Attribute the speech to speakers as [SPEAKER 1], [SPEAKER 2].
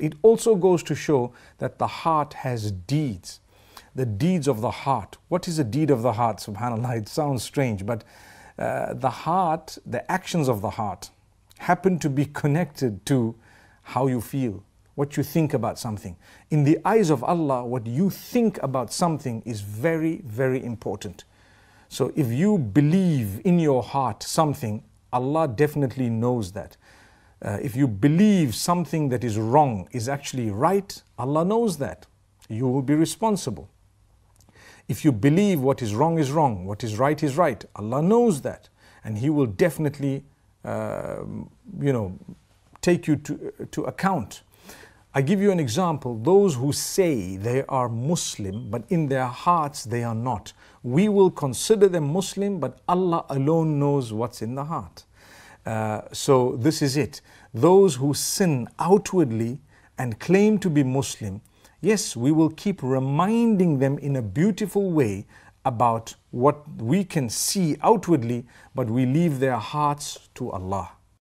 [SPEAKER 1] It also goes to show that the heart has deeds. The deeds of the heart. What is a deed of the heart? SubhanAllah, it sounds strange, but uh, the heart, the actions of the heart, happen to be connected to how you feel, what you think about something. In the eyes of Allah, what you think about something is very, very important. So if you believe in your heart something, Allah definitely knows that. Uh, if you believe something that is wrong is actually right, Allah knows that. You will be responsible. If you believe what is wrong is wrong, what is right is right, Allah knows that. And He will definitely, uh, you know, take you to, to account. I give you an example. Those who say they are Muslim, but in their hearts they are not. We will consider them Muslim, but Allah alone knows what's in the heart. Uh, so this is it. Those who sin outwardly and claim to be Muslim, yes, we will keep reminding them in a beautiful way about what we can see outwardly, but we leave their hearts to Allah.